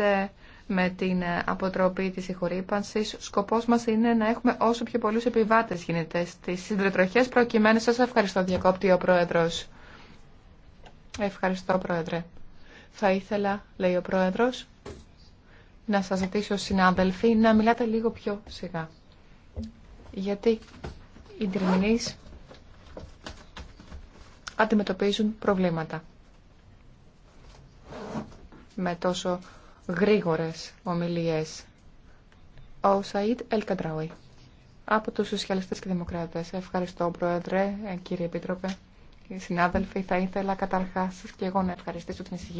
Ε, με την ε, αποτροπή της συγχωρήπανσης. Σκοπός μας είναι να έχουμε όσο πιο πολλούς επιβάτες γίνεται στις συντροτροχές προκειμένου. Σας ευχαριστώ, διακόπτη ο Πρόεδρος. Ευχαριστώ, Πρόεδρε. Θα ήθελα, λέει ο Πρόεδρος, να σας ζητήσω, συνάδελφοι, να μιλάτε λίγο πιο σιγά. Γιατί οι τριμηνείς αντιμετωπίζουν προβλήματα με τόσο γρήγορες ομιλίες. Ο Σαΐτ Ελκαντράουι από τους Σοσιαλιστές και Δημοκράτες. Ευχαριστώ, Πρόεδρε, ε, κύριε Επίτροπε, συνάδελφοι. Θα ήθελα καταρχάς και εγώ να ευχαριστήσω την εισηγή.